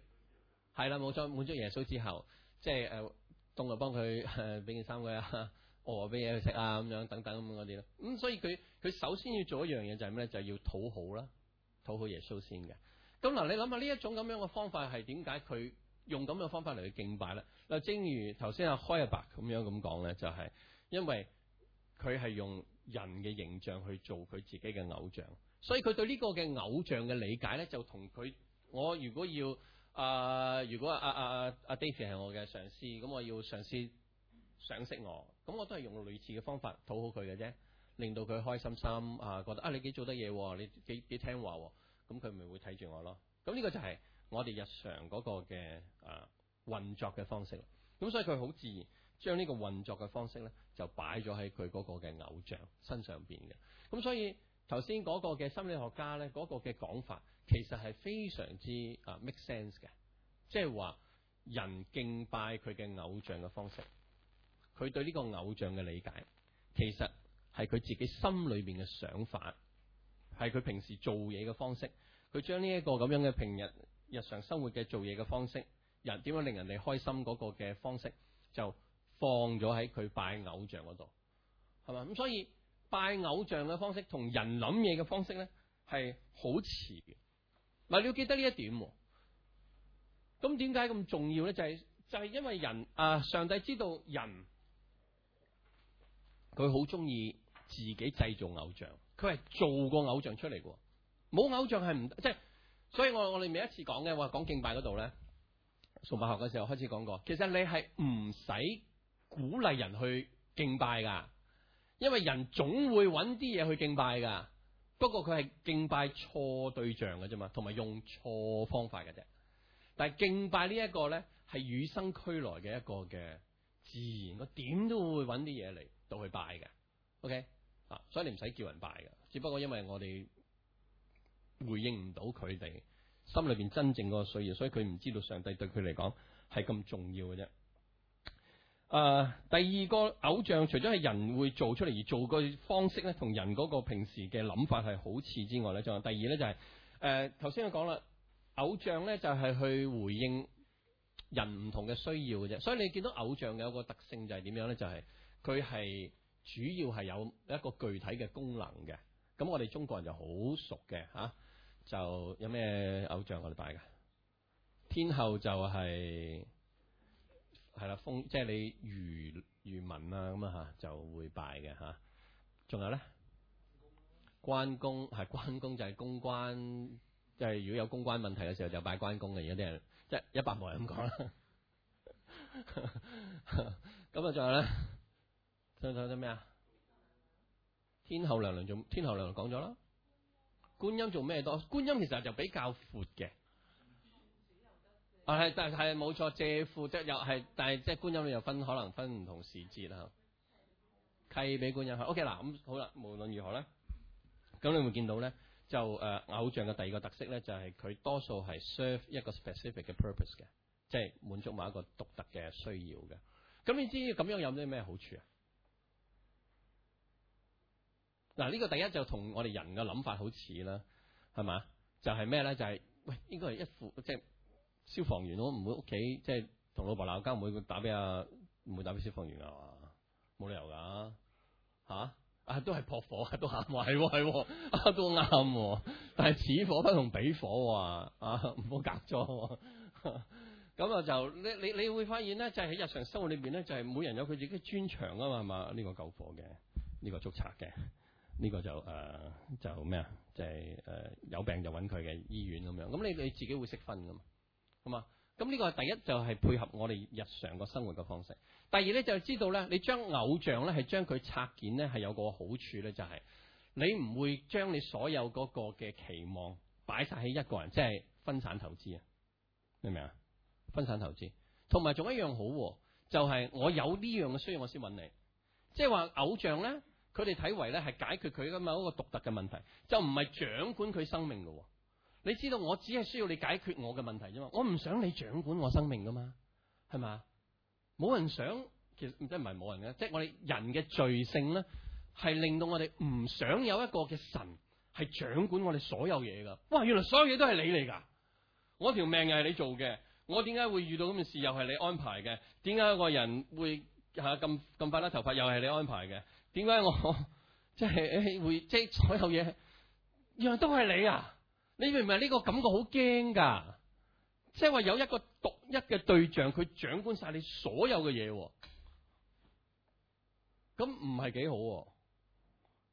係啦，冇、啊、錯。滿足耶穌之後，即係誒凍就幫佢誒俾件衫佢啊，餓俾嘢佢食啊，咁樣等等咁嗰啲咯。咁、嗯、所以佢佢首先要做一樣嘢就係咩咧？就係、是、要討好啦、啊。討好耶穌先嘅，咁嗱，你諗下呢一種咁樣嘅方法係點解佢用咁樣嘅方法嚟去敬拜咧？嗱，正如頭先阿開阿白咁樣咁講咧，就係、是、因為佢係用人嘅形象去做佢自己嘅偶像，所以佢對呢個嘅偶像嘅理解咧，就同佢我如果要啊、呃，如果阿阿阿 David 係我嘅上司，咁我要上司賞識我，咁我都係用類似嘅方法討好佢嘅啫。令到佢開心心啊，覺得啊你幾做得嘢喎、啊，你幾幾聽話喎、啊，咁佢咪會睇住我咯。咁呢個就係我哋日常嗰個嘅啊運作嘅方式。咁所以佢好自然將呢個運作嘅方式咧，就擺咗喺佢嗰個嘅偶像身上邊嘅。咁所以頭先嗰個嘅心理學家咧，嗰、那個嘅講法其實係非常之啊 make sense 嘅，即係話人敬拜佢嘅偶像嘅方式，佢對呢個偶像嘅理解其實。係佢自己心裏邊嘅想法，係佢平時做嘢嘅方式。佢將呢一個咁樣嘅平日日常生活嘅做嘢嘅方式，人點樣令人哋開心嗰個嘅方式，就放咗喺佢拜偶像嗰度，係嘛？咁所以拜偶像嘅方式同人諗嘢嘅方式咧，係好似嘅。嗱，你要記得呢一點。咁點解咁重要咧？就係就係因為人啊，上帝知道人佢好中意。自己製造偶像，佢係做個偶像出嚟嘅喎。冇偶像係唔得，即係，所以我我哋每一次講嘅話講敬拜嗰度咧，數學學嘅時候開始講過，其實你係唔使鼓勵人去敬拜㗎，因為人總會揾啲嘢去敬拜㗎。不過佢係敬拜錯對象㗎啫嘛，同埋用錯方法㗎啫。但係敬拜呢一個咧係與生俱來嘅一個嘅自然，我點都會揾啲嘢嚟到去拜嘅。OK。所以你唔使叫人拜㗎，只不過因為我哋回應唔到佢哋心裏邊真正個需要，所以佢唔知道上帝對佢嚟講係咁重要嘅啫。誒、呃，第二個偶像除咗係人會做出嚟而做嘅方式咧，同人嗰個平時嘅諗法係好似之外咧，仲有第二咧就係、是、誒，頭先我講啦，偶像咧就係、是、去回應人唔同嘅需要嘅啫。所以你見到偶像嘅有一個特性，就係點樣咧，就係佢係。主要係有一個具體嘅功能嘅，咁我哋中國人就好熟嘅嚇、啊，就有咩偶像我哋拜嘅？天后就係係啦，風即係、就是、你漁漁民啦、啊，咁啊嚇就會拜嘅嚇。仲、啊、有咧，關公係關公就係公關，即、就、係、是、如果有公關問題嘅時候就拜關公嘅。而家啲人即係一百冇人咁講啦。咁啊， 仲有咧？上頭做咩啊？天后娘娘做，天后娘娘講咗啦。觀音做咩多？觀音其實就比較闊嘅。嗯、啊，係，但係冇錯，借庫即又係，但係即觀音又分可能分唔同時節啊。契俾觀音。OK，嗱咁好啦，無論如何咧，咁你會見到咧，就誒、呃、偶像嘅第二個特色咧，就係、是、佢多數係 serve 一個 specific 嘅 purpose 嘅，即、就、係、是、滿足某一個獨特嘅需要嘅。咁你知咁樣有啲咩好處啊？嗱呢個第一就同我哋人嘅諗法好似啦，係嘛？就係咩咧？就係、是就是、喂，應該係一副即係、就是、消防員都唔會屋企即係同老婆鬧交唔會打俾啊，唔會打俾消防員㗎嘛？冇理由㗎吓、啊啊，啊！都係撲火都啱係喎都啱。但係此火不同彼火啊！唔好搞錯。咁啊就你你你會發現咧，就係、是、喺日常生活裏邊咧，就係每人有佢自己專長啊嘛係嘛？呢、這個救火嘅，呢、這個捉賊嘅。呢個就誒就咩啊？就係誒、就是呃、有病就揾佢嘅醫院咁樣。咁你你自己會識分㗎嘛？係嘛？咁呢個第一就係、是、配合我哋日常個生活嘅方式。第二咧就是、知道咧，你將偶像咧係將佢拆件咧係有個好處咧，就係、是、你唔會將你所有嗰個嘅期望擺晒喺一個人，即、就、係、是、分散投資啊？明唔明啊？分散投資。同埋仲有一樣好喎、啊，就係、是、我有呢樣嘅需要，我先揾你。即係話偶像咧。佢哋睇為咧係解決佢噶嘛一個獨特嘅問題，就唔係掌管佢生命噶。你知道我只係需要你解決我嘅問題啫嘛，我唔想你掌管我生命噶嘛，係嘛？冇人想，其實唔真係唔係冇人嘅，即係我哋人嘅罪性咧，係令到我哋唔想有一個嘅神係掌管我哋所有嘢噶。哇，原來所有嘢都係你嚟噶，我條命又係你做嘅，我點解會遇到咁嘅事又係你安排嘅？點解一個人會吓咁咁快甩頭髮又係你安排嘅？點解我即係、就是、會即係、就是、所有嘢原來都係你啊？你明唔明？呢、這個感覺好驚噶，即係話有一個獨一嘅對象，佢掌管晒你所有嘅嘢，啊，咁唔係幾好，啊。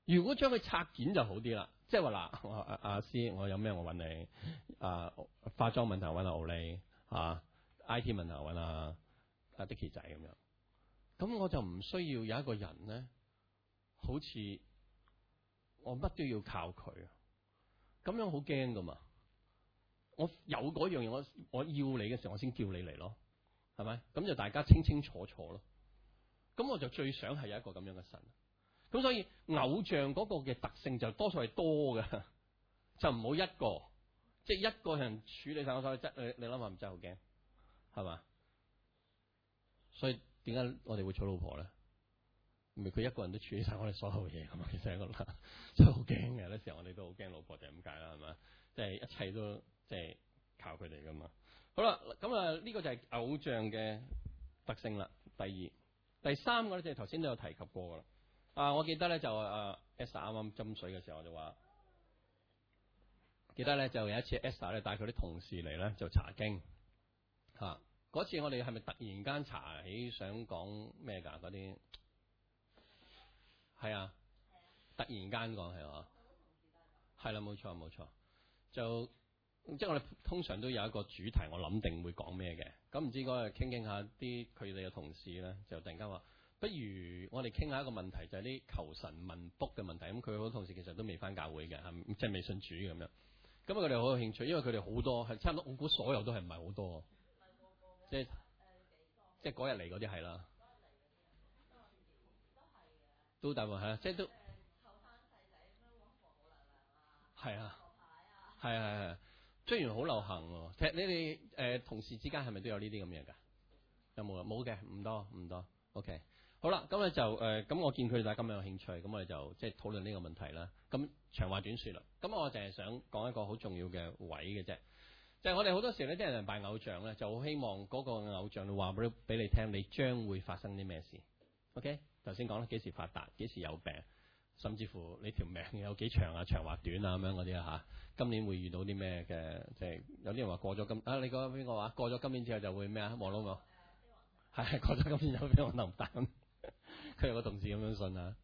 如果將佢拆件就好啲啦，即係話嗱，阿阿師，我有咩我揾你；阿、啊、化妝問題揾阿 Oly，啊 IT 問題揾阿阿 Dicky 仔咁樣，咁我就唔需要有一個人咧。好似我乜都要靠佢，啊，咁樣好驚噶嘛？我有樣嘢，我我要你嘅時候，我先叫你嚟咯，係咪？咁就大家清清楚楚咯。咁我就最想係有一個咁樣嘅神。咁所以偶像個嘅特性就多數係多嘅， 就唔好一個，即係一個人處理晒我所有質。你你諗下唔真係好驚，係嘛？所以點解我哋會娶老婆咧？咪佢一個人都處理晒我哋所有嘢噶嘛，其實一個啦， 真係好驚嘅。有時候我哋都好驚老婆就，就係咁解啦，係咪即係一切都即係、就係、靠佢哋噶嘛。好啦，咁啊呢個就係偶像嘅特徵啦。第二、第三個咧，就係頭先都有提及過噶啦。啊，我記得咧就啊 Esther 啱啱斟水嘅時候，我就話：記得咧就有一次 Esther 咧帶佢啲同事嚟咧就查經嚇。嗰、啊、次我哋係咪突然間查起想講咩㗎嗰啲？係啊，啊突然間講係啊，係啦，冇、啊、錯冇錯。就即係我哋通常都有一個主題，我諗定會講咩嘅。咁唔知嗰日傾傾下啲佢哋嘅同事咧，就突然間話：不如我哋傾下一個問題，就係、是、啲求神問卜嘅問題。咁佢好多同事其實都未返教會嘅，係咪？即係未信主嘅咁樣。咁佢哋好有興趣，因為佢哋好多係差唔多，多我估所有都係唔係好多，即係即係嗰日嚟嗰啲係啦。都大鑊係、嗯、啊，即係都仔，係啊，係係啊，啊，啊，啊，啊，雖然好流行喎、啊，踢你哋誒、呃、同事之間係咪都有呢啲咁嘢㗎？有冇啊？冇嘅，唔多唔多。OK，好啦，咁、嗯、咧就誒，咁、呃、我見佢哋大家咁有興趣，咁我哋就即係討論呢個問題啦。咁長話短説啦，咁我淨係想講一個好重要嘅位嘅啫，就係、是、我哋好多時呢啲人拜偶像咧，就好希望嗰個偶像話俾俾你聽，你將會發生啲咩事。OK。頭先講啦，幾時發達，幾時有病，甚至乎你條命有幾長啊，長或短啊，咁樣嗰啲嚇。今年會遇到啲咩嘅？即係有啲人話過咗今啊，你講邊個話過咗今年之後就會咩啊？望到我係過咗今年有邊我諗唔得。咁？佢有個同事咁樣信啊，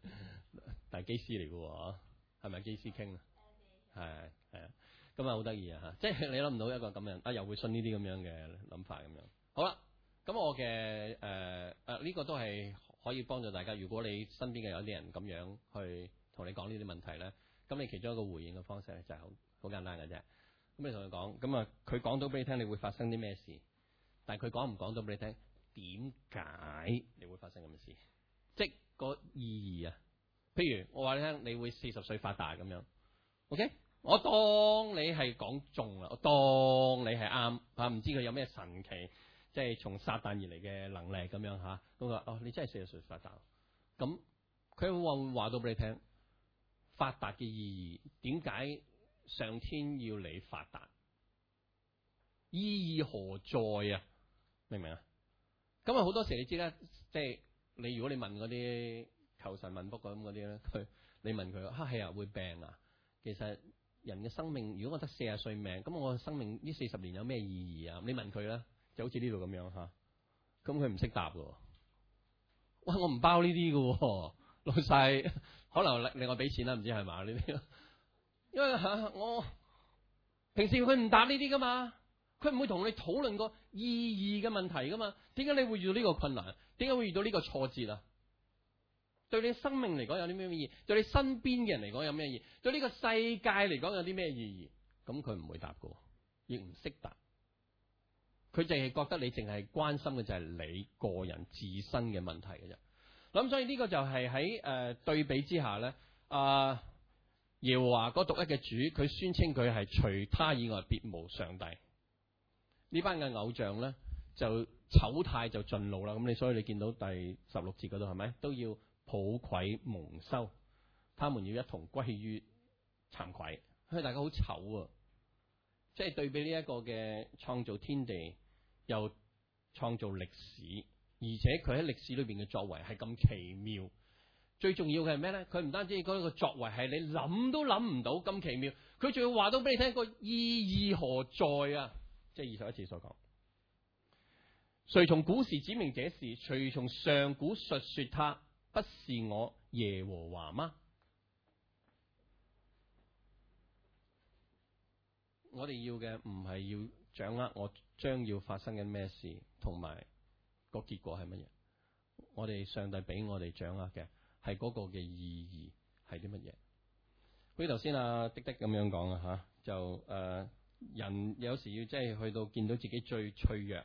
但係機師嚟嘅喎，係咪機師傾啊？係係啊，咁啊好得意啊嚇！即係你諗唔到一個咁樣啊，又會信呢啲咁樣嘅諗法咁樣。好啦，咁我嘅誒誒呢個都係。可以幫助大家。如果你身邊嘅有啲人咁樣去同你講呢啲問題咧，咁你其中一個回應嘅方式咧就係好好簡單嘅啫。咁你同佢講，咁啊佢講到俾你聽，你會發生啲咩事？但係佢講唔講到俾你聽？點解你會發生咁嘅事？即係個意義啊。譬如我話你聽，你會四十歲發達咁樣。OK，我當你係講中啦，我當你係啱啊，唔知佢有咩神奇？即係從撒旦而嚟嘅能力咁樣嚇，咁佢話：哦，你真係四十歲發達。咁佢會話到俾你聽，發達嘅意義，點解上天要你發達？意義何在啊？明唔明啊？咁啊好多時你知啦，即係你如果你問嗰啲求神問卜咁嗰啲咧，佢你問佢，嚇、啊、係啊，會病啊。其實人嘅生命，如果我得四十歲命，咁我生命呢四十年有咩意義啊？你問佢啦。就好似呢度咁樣嚇，咁佢唔識答嘅喎，我唔包呢啲嘅喎，老細可能另另外俾錢啦，唔知係嘛呢啲？因為、啊、我平時佢唔答呢啲嘅嘛，佢唔會同你討論個意義嘅問題嘅嘛。點解你會遇到呢個困難？點解會遇到呢個挫折啊？對你生命嚟講有啲咩意義？對你身邊嘅人嚟講有咩意義？對呢個世界嚟講有啲咩意義？咁佢唔會答嘅，亦唔識答。佢淨係覺得你淨係關心嘅就係你個人自身嘅問題嘅啫。咁所以呢個就係喺誒對比之下咧，啊耶和華嗰獨一嘅主，佢宣稱佢係除他以外別無上帝。呢班嘅偶像咧就醜態就盡露啦。咁你所以你見到第十六節嗰度係咪都要抱愧蒙羞？他們要一同歸於慚愧，因為大家好醜啊、哦！即係對比呢一個嘅創造天地。又創造歷史，而且佢喺歷史裏邊嘅作為係咁奇妙。最重要嘅係咩咧？佢唔單止講個作為係你諗都諗唔到咁奇妙，佢仲要話到俾你聽個意義何在啊？即係二十一節所講。誰從古時指明這事？誰從上古述説他不是我耶和華嗎？我哋要嘅唔係要掌握我將要發生緊咩事，同埋個結果係乜嘢？我哋上帝俾我哋掌握嘅係嗰個嘅意義係啲乜嘢？好似頭先阿滴滴咁樣講啊，吓就誒、呃，人有時要即係去到見到自己最脆弱、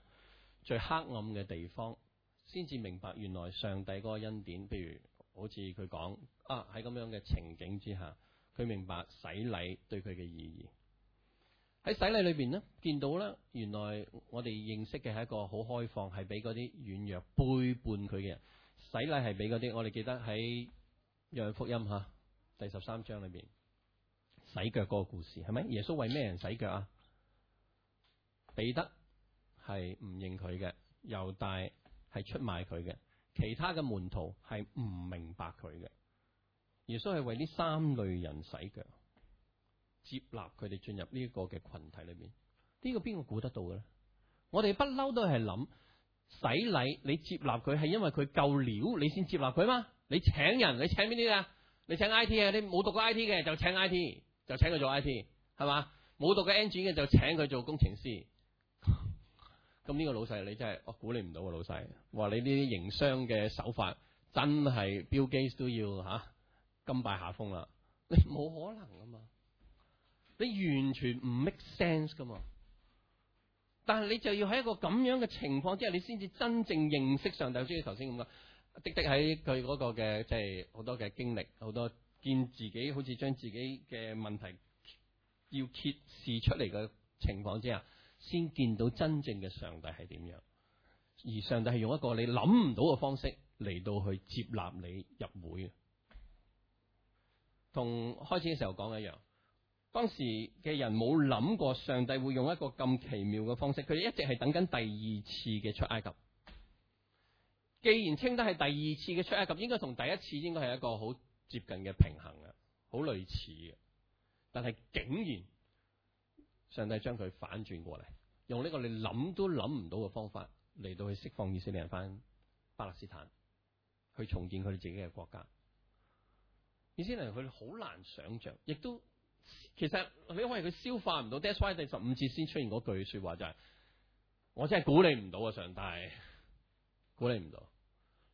最黑暗嘅地方，先至明白原來上帝嗰個恩典。譬如好似佢講啊，喺咁樣嘅情景之下，佢明白洗禮對佢嘅意義。喺洗禮裏邊咧，見到咧，原來我哋認識嘅係一個好開放，係俾嗰啲軟弱背叛佢嘅人洗禮，係俾嗰啲我哋記得喺約翰福音吓第十三章裏邊洗腳嗰個故事，係咪？耶穌為咩人洗腳啊？彼得係唔認佢嘅，猶大係出賣佢嘅，其他嘅門徒係唔明白佢嘅。耶穌係為呢三類人洗腳。接納佢哋進入呢個嘅群體裏面，呢個邊個估得到嘅咧？我哋不嬲都係諗，洗禮你接納佢係因為佢夠料，你先接納佢嘛？你請人，你請邊啲啊？你請 I T 嘅，你冇讀過 I T 嘅就請 I T，就請佢做 I T，係嘛？冇讀過 engine 嘅就請佢做工程師。咁 呢個老細你真係我估你唔到啊，老細，話你呢啲營商嘅手法真係 Bill Gates 都要吓甘拜下風啦。你 冇可能啊嘛！你完全唔 make sense 噶嘛，但係你就要喺一個咁樣嘅情況之下，你先至真正認識上帝。好似頭先咁講，滴滴喺佢個嘅即係好多嘅經歷，好多見自己好似將自己嘅問題要揭示出嚟嘅情況之下，先見到真正嘅上帝係點樣。而上帝係用一個你諗唔到嘅方式嚟到去接納你入會嘅，同開始嘅時候講嘅一樣。當時嘅人冇諗過上帝會用一個咁奇妙嘅方式，佢哋一直係等緊第二次嘅出埃及。既然稱得係第二次嘅出埃及，應該同第一次應該係一個好接近嘅平衡嘅，好類似嘅。但係竟然上帝將佢反轉過嚟，用呢個你諗都諗唔到嘅方法嚟到去釋放以色列人返巴勒斯坦，去重建佢哋自己嘅國家。以色列人佢好難想像，亦都。其實你因為佢消化唔到 that's why 第十五節先出現嗰句說話就係、是，我真係估你唔到啊！上帝估你唔到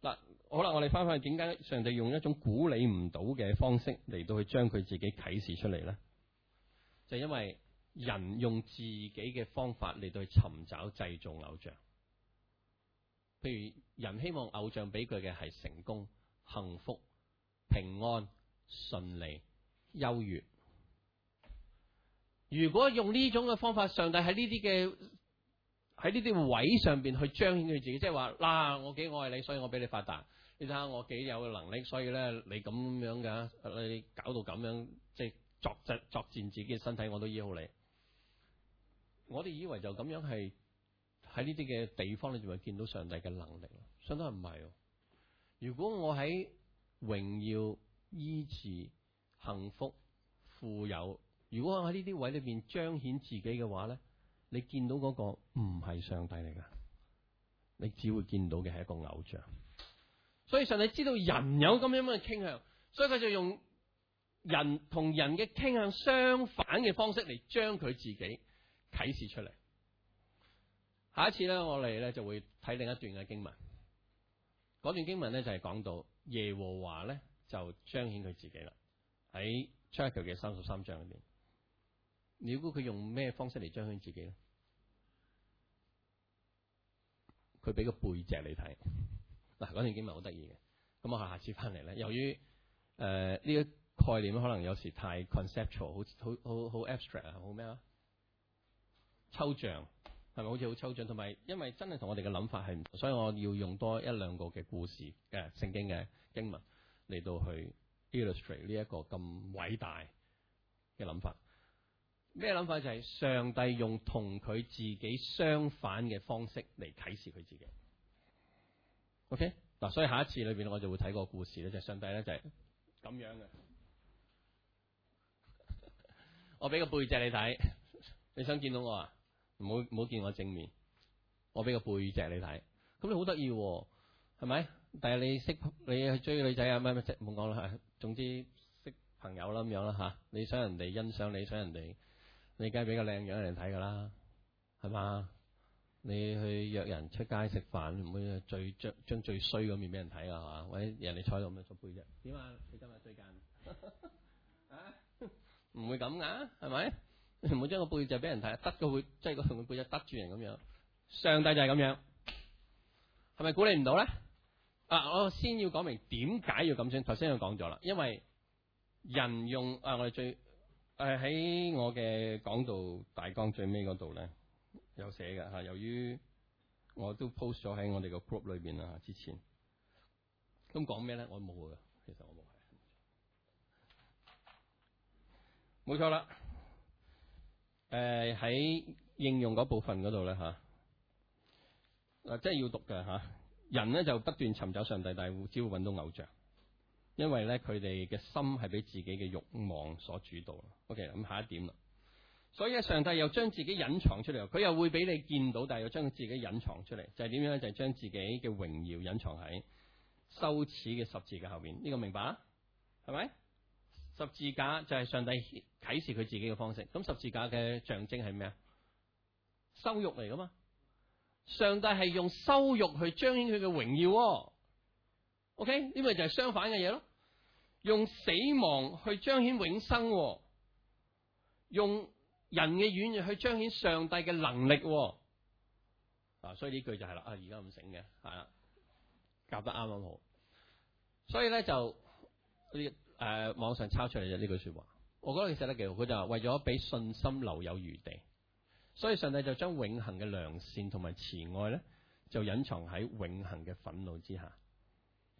嗱。好啦，我哋翻返去點解上帝用一種估你唔到嘅方式嚟到去將佢自己啟示出嚟咧？就是、因為人用自己嘅方法嚟到去尋找製造偶像，譬如人希望偶像俾佢嘅係成功、幸福、平安、順利、優越。如果用呢種嘅方法，上帝喺呢啲嘅，喺呢啲位上邊去彰顯佢自己，即係話嗱，我幾愛你，所以我俾你發達。你睇下我幾有能力，所以咧你咁樣噶，你搞到咁樣，即係作踐作踐自己嘅身體，我都醫好你。我哋以為就咁樣係喺呢啲嘅地方，你就會見到上帝嘅能力咯。相當唔係啊。如果我喺榮耀、醫治、幸福、富有，如果我喺呢啲位裏邊彰顯自己嘅話咧，你見到嗰個唔係上帝嚟噶，你只會見到嘅係一個偶像。所以上帝知道人有咁樣嘅傾向，所以佢就用人同人嘅傾向相反嘅方式嚟將佢自己啟示出嚟。下一次咧，我哋咧就會睇另一段嘅經文。嗰段經文咧就係講到耶和華咧就彰顯佢自己啦，喺出埃及記嘅三十三章裏邊。你估佢用咩方式嚟彰顯自己咧？佢俾個背脊你睇。嗱，嗰段經文好得意嘅。咁我下下次翻嚟咧，由於誒呢一概念可能有時太 conceptual，好好好好 abstract 啊，好咩啊？抽象係咪好似好抽象？同埋因為真係同我哋嘅諗法係唔同，所以我要用多一兩個嘅故事誒聖經嘅經文嚟到去 illustrate 呢一個咁偉大嘅諗法。咩諗法？就係上帝用同佢自己相反嘅方式嚟啟示佢自己。OK 嗱，所以下一次裏邊我就會睇個故事咧，就係、是、上帝咧就係、是、咁樣嘅。 我俾個背脊你睇， 你想見到我啊？唔好唔好見我正面。我俾個背脊你睇，咁你好得意喎，係咪？但係你識你去追女仔啊？咩咩唔好講啦，總之識朋友啦咁樣啦吓、啊。你想人哋欣賞，你想人哋。你梗係俾個靚樣人睇噶啦，係嘛？你去約人出街食飯，唔會最將將最衰嗰面俾人睇噶，係嘛？或者人哋坐度咁樣做背脊？點 啊？你今日最近啊，唔會咁噶，係咪？唔會將個背脊俾人睇，得個背，擠個後面背脊得住人咁樣。上帝就係咁樣，係咪管理唔到咧？啊，我先要講明點解要咁先。頭先我講咗啦，因為人用啊，我哋最。誒喺我嘅講道大綱最尾嗰度咧有寫嘅嚇，由於我都 post 咗喺我哋個 group 裏邊啦，之前咁講咩咧？我冇嘅，其實我冇。冇錯啦。誒、呃、喺應用嗰部分嗰度咧嚇，嗱、啊、即係要讀嘅嚇、啊。人咧就不斷尋找上帝，但係只會揾到偶像。因為咧佢哋嘅心係俾自己嘅慾望所主導。OK，咁下一點啦。所以咧，上帝又將自己隱藏出嚟，佢又會俾你見到，但係又將自己隱藏出嚟，就係點樣咧？就係將自己嘅榮耀隱藏喺羞恥嘅十字架後邊。呢個明白係咪？十字架就係上帝啟示佢自己嘅方式。咁十字架嘅象徵係咩啊？羞辱嚟噶嘛？上帝係用羞辱去彰顯佢嘅榮耀哦。OK，呢個就係相反嘅嘢咯。用死亡去彰顯永生，哦，用人嘅軟弱去彰顯上帝嘅能力，哦。啊，所以呢句就係、是、啦，啊而家咁醒嘅，係啦，夾得啱啱好。所以咧就啲誒、啊、網上抄出嚟嘅呢句說話，我覺得佢寫得幾好。佢就話為咗俾信心留有餘地，所以上帝就將永恆嘅良善同埋慈愛咧，就隱藏喺永恆嘅憤怒之下，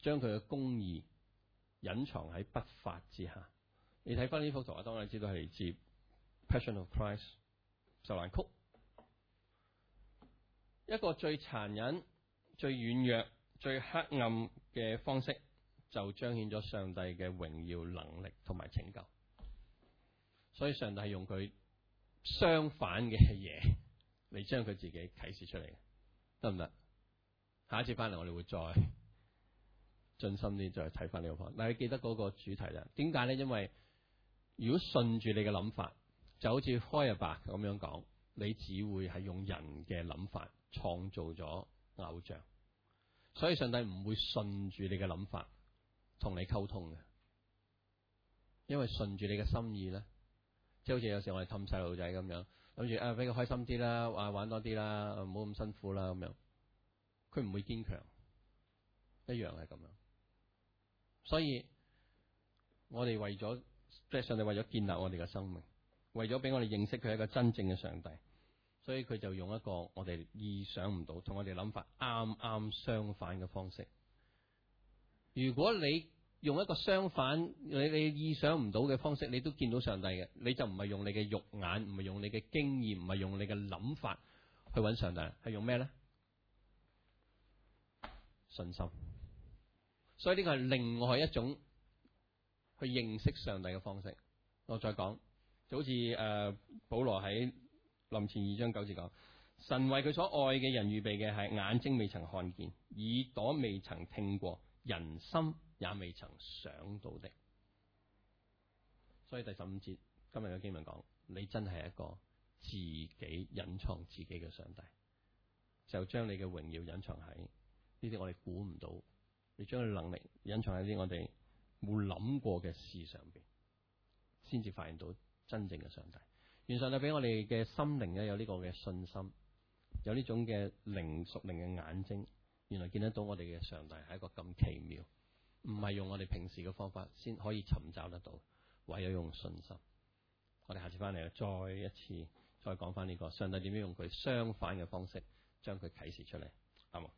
將佢嘅公義。隱藏喺不法之下。你睇翻呢幅圖，當你知道係嚟自《Passion of Christ》受難曲。一個最殘忍、最軟弱、最黑暗嘅方式，就彰顯咗上帝嘅榮耀能力同埋拯救。所以上帝係用佢相反嘅嘢嚟將佢自己啟示出嚟，得唔得？下一次翻嚟，我哋會再。盡心啲就係睇翻呢個方，但係記得嗰個主題啦。點解咧？因為如果順住你嘅諗法，就好似開日白咁樣講，你只會係用人嘅諗法創造咗偶像。所以上帝唔會順住你嘅諗法同你溝通嘅，因為順住你嘅心意咧，即係好似有時我哋氹細路仔咁樣，諗住啊比較開心啲啦，啊玩多啲啦，唔好咁辛苦啦咁樣，佢唔會堅強，一樣係咁樣。所以，我哋為咗即係上帝為咗建立我哋嘅生命，為咗俾我哋認識佢係一個真正嘅上帝，所以佢就用一個我哋意想唔到、同我哋諗法啱啱相反嘅方式。如果你用一個相反、你你意想唔到嘅方式，你都見到上帝嘅，你就唔係用你嘅肉眼，唔係用你嘅經驗，唔係用你嘅諗法去搵上帝，係用咩咧？信心。所以呢個係另外一種去認識上帝嘅方式。我再講，就好似誒、呃、保羅喺林前二章九節講，神為佢所愛嘅人預備嘅係眼睛未曾看見，耳朵未曾聽過，人心也未曾想到的。所以第十五節今日嘅經文講，你真係一個自己隱藏自己嘅上帝，就將你嘅榮耀隱藏喺呢啲我哋估唔到。你將佢能力隱藏喺啲我哋冇諗過嘅事上邊，先至發現到真正嘅上帝。原上帝俾我哋嘅心靈咧，有呢個嘅信心，有呢種嘅靈屬靈嘅眼睛，原來見得到我哋嘅上帝係一個咁奇妙，唔係用我哋平時嘅方法先可以尋找得到，唯有用信心。我哋下次翻嚟再一次再講翻呢個上帝點樣用佢相反嘅方式將佢啟示出嚟，啱冇？